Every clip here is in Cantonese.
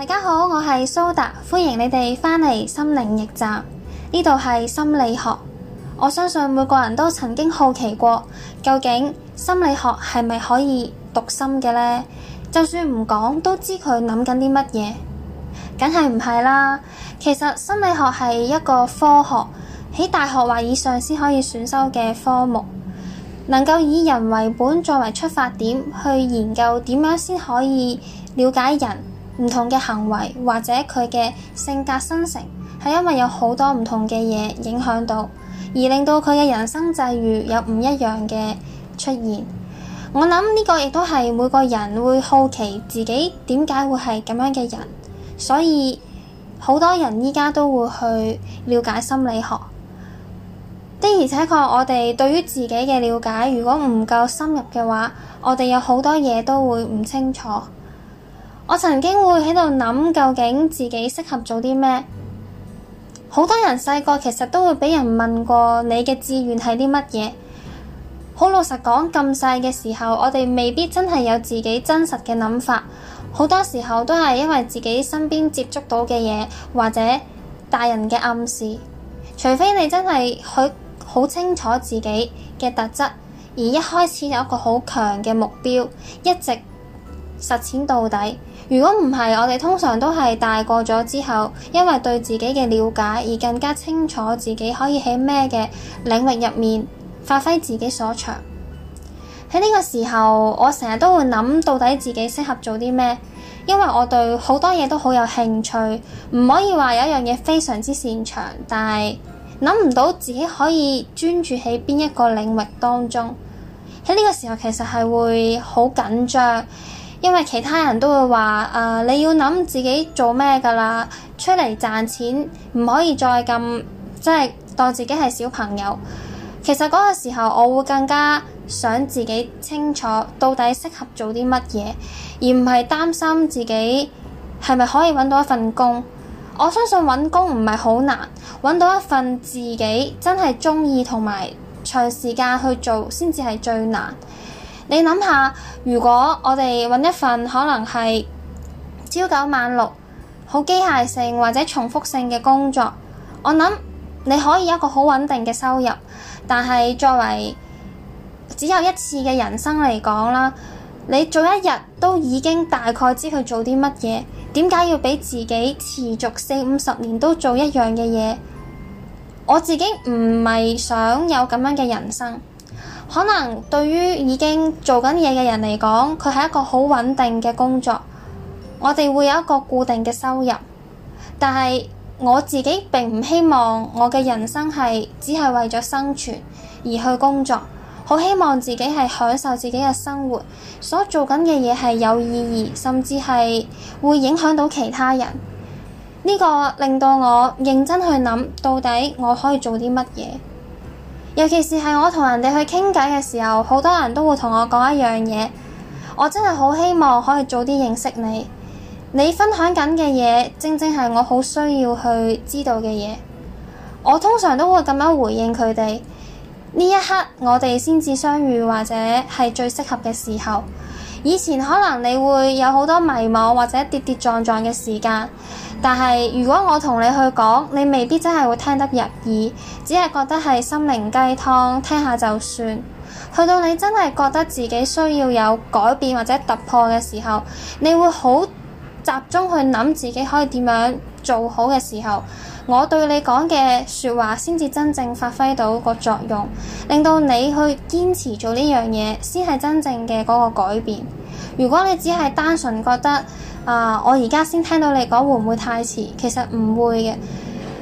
大家好，我係蘇達，歡迎你哋返嚟心靈驛站呢度係心理學。我相信每個人都曾經好奇過，究竟心理學係咪可以讀心嘅呢？就算唔講，都知佢諗緊啲乜嘢，梗係唔係啦。其實心理學係一個科學，喺大學或以上先可以選修嘅科目，能夠以人為本作為出發點去研究點樣先可以了解人。唔同嘅行為或者佢嘅性格生成，係因為有好多唔同嘅嘢影響到，而令到佢嘅人生際遇有唔一樣嘅出現。我諗呢個亦都係每個人會好奇自己點解會係咁樣嘅人，所以好多人依家都會去了解心理學。的而且確，我哋對於自己嘅了解如果唔夠深入嘅話，我哋有好多嘢都會唔清楚。我曾經會喺度諗，究竟自己適合做啲咩？好多人細個其實都會畀人問過你嘅志願係啲乜嘢。好老實講，咁細嘅時候，我哋未必真係有自己真實嘅諗法。好多時候都係因為自己身邊接觸到嘅嘢，或者大人嘅暗示。除非你真係好好清楚自己嘅特質，而一開始有一個好強嘅目標，一直實踐到底。如果唔係，我哋通常都係大個咗之後，因為對自己嘅了解而更加清楚自己可以喺咩嘅領域入面發揮自己所長。喺呢個時候，我成日都會諗到底自己適合做啲咩，因為我對好多嘢都好有興趣，唔可以話有一樣嘢非常之擅長，但係諗唔到自己可以專注喺邊一個領域當中。喺呢個時候，其實係會好緊張。因為其他人都會話，誒、呃，你要諗自己做咩㗎喇，出嚟賺錢，唔可以再咁即係當自己係小朋友。其實嗰個時候，我會更加想自己清楚到底適合做啲乜嘢，而唔係擔心自己係咪可以揾到一份工。我相信揾工唔係好難，揾到一份自己真係鍾意同埋長時間去做，先至係最難。你諗下，如果我哋揾一份可能係朝九晚六、好機械性或者重複性嘅工作，我諗你可以有一個好穩定嘅收入，但係作為只有一次嘅人生嚟講啦，你做一日都已經大概知佢做啲乜嘢，點解要畀自己持續四五十年都做一樣嘅嘢？我自己唔係想有咁樣嘅人生。可能對於已經做緊嘢嘅人嚟講，佢係一個好穩定嘅工作，我哋會有一個固定嘅收入。但係我自己並唔希望我嘅人生係只係為咗生存而去工作，好希望自己係享受自己嘅生活，所做緊嘅嘢係有意義，甚至係會影響到其他人。呢個令到我認真去諗，到底我可以做啲乜嘢？尤其是係我同人哋去傾偈嘅時候，好多人都會同我講一樣嘢，我真係好希望可以早啲認識你。你分享緊嘅嘢，正正係我好需要去知道嘅嘢。我通常都會咁樣回應佢哋。呢一刻，我哋先至相遇，或者係最適合嘅時候。以前可能你會有好多迷茫或者跌跌撞撞嘅時間，但係如果我同你去講，你未必真係會聽得入耳，只係覺得係心靈雞湯，聽下就算。去到你真係覺得自己需要有改變或者突破嘅時候，你會好集中去諗自己可以點樣。做好嘅時候，我對你講嘅説話先至真正發揮到個作用，令到你去堅持做呢樣嘢，先係真正嘅嗰個改變。如果你只係單純覺得啊、呃，我而家先聽到你講會唔會太遲？其實唔會嘅，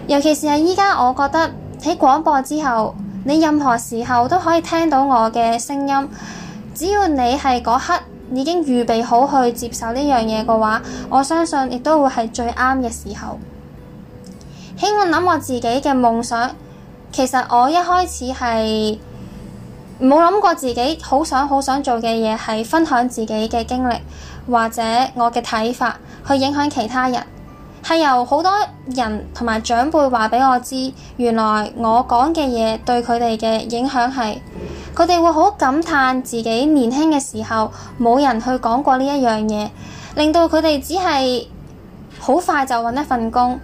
尤其是係依家，我覺得喺廣播之後，你任何時候都可以聽到我嘅聲音，只要你係嗰刻。已經預備好去接受呢樣嘢嘅話，我相信亦都會係最啱嘅時候。起我諗我自己嘅夢想，其實我一開始係冇諗過自己好想好想做嘅嘢係分享自己嘅經歷，或者我嘅睇法去影響其他人，係由好多人同埋長輩話畀我知，原來我講嘅嘢對佢哋嘅影響係。佢哋會好感嘆自己年輕嘅時候冇人去講過呢一樣嘢，令到佢哋只係好快就揾一份工，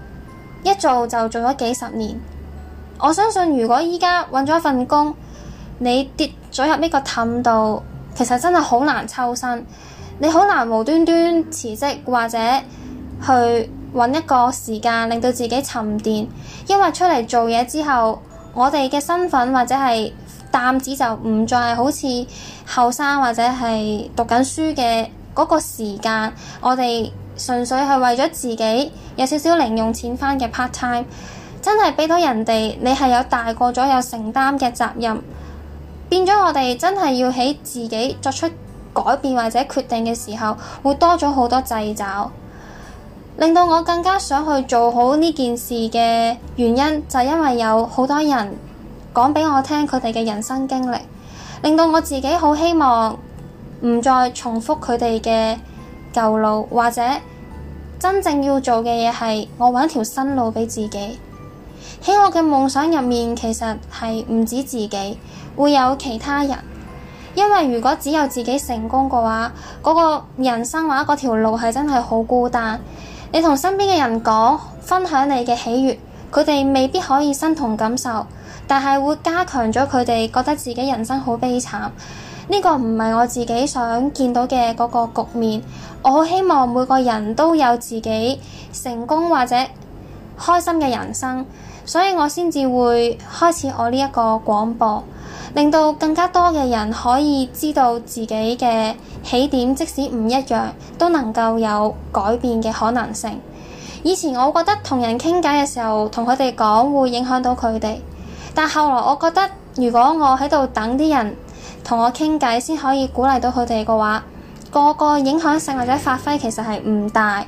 一做就做咗幾十年。我相信如果而家揾咗一份工，你跌咗入呢個氹度，其實真係好難抽身，你好難無端端辭職或者去揾一個時間令到自己沉澱，因為出嚟做嘢之後，我哋嘅身份或者係。擔子就唔再係好似後生或者係讀緊書嘅嗰個時間，我哋純粹係為咗自己有少少零用錢返嘅 part time，真係俾到人哋你係有大過咗有承擔嘅責任，變咗我哋真係要喺自己作出改變或者決定嘅時候，會多咗好多掣肘，令到我更加想去做好呢件事嘅原因，就係因為有好多人。講俾我聽佢哋嘅人生經歷，令到我自己好希望唔再重複佢哋嘅舊路，或者真正要做嘅嘢係我揾一條新路俾自己。喺我嘅夢想入面，其實係唔止自己會有其他人，因為如果只有自己成功嘅話，嗰個人生或者嗰條路係真係好孤單。你同身邊嘅人講，分享你嘅喜悅，佢哋未必可以身同感受。但係會加強咗佢哋覺得自己人生好悲慘。呢個唔係我自己想見到嘅嗰個局面。我好希望每個人都有自己成功或者開心嘅人生，所以我先至會開始我呢一個廣播，令到更加多嘅人可以知道自己嘅起點，即使唔一樣，都能夠有改變嘅可能性。以前我覺得同人傾偈嘅時候，同佢哋講會影響到佢哋。但後來我覺得，如果我喺度等啲人同我傾偈先可以鼓勵到佢哋嘅話，個個影響性或者發揮其實係唔大。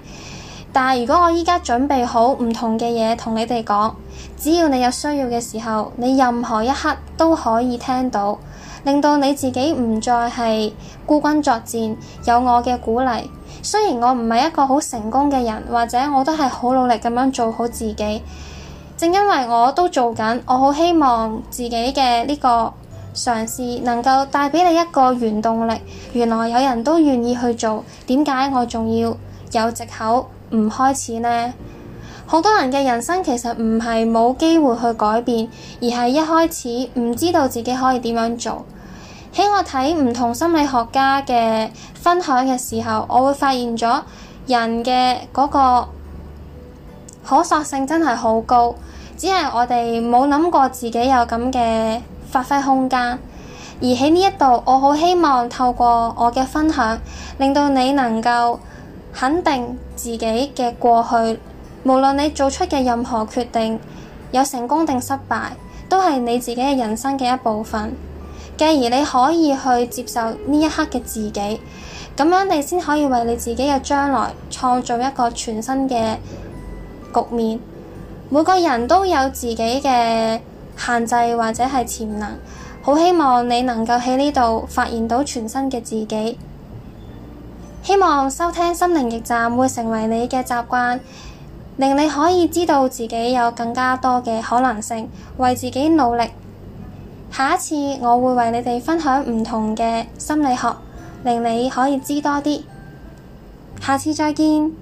但係如果我依家準備好唔同嘅嘢同你哋講，只要你有需要嘅時候，你任何一刻都可以聽到，令到你自己唔再係孤軍作戰，有我嘅鼓勵。雖然我唔係一個好成功嘅人，或者我都係好努力咁樣做好自己。正因為我都做緊，我好希望自己嘅呢個嘗試能夠帶畀你一個原動力。原來有人都願意去做，點解我仲要有藉口唔開始呢？好多人嘅人生其實唔係冇機會去改變，而係一開始唔知道自己可以點樣做。喺我睇唔同心理學家嘅分享嘅時候，我會發現咗人嘅嗰個可塑性真係好高，只係我哋冇諗過自己有咁嘅發揮空間。而喺呢一度，我好希望透過我嘅分享，令到你能夠肯定自己嘅過去。無論你做出嘅任何決定有成功定失敗，都係你自己嘅人生嘅一部分。繼而你可以去接受呢一刻嘅自己，咁樣你先可以為你自己嘅將來創造一個全新嘅。局面。每個人都有自己嘅限制或者係潛能，好希望你能夠喺呢度發現到全新嘅自己。希望收聽《心靈驛站》會成為你嘅習慣，令你可以知道自己有更加多嘅可能性，為自己努力。下一次我會為你哋分享唔同嘅心理學，令你可以知多啲。下次再見。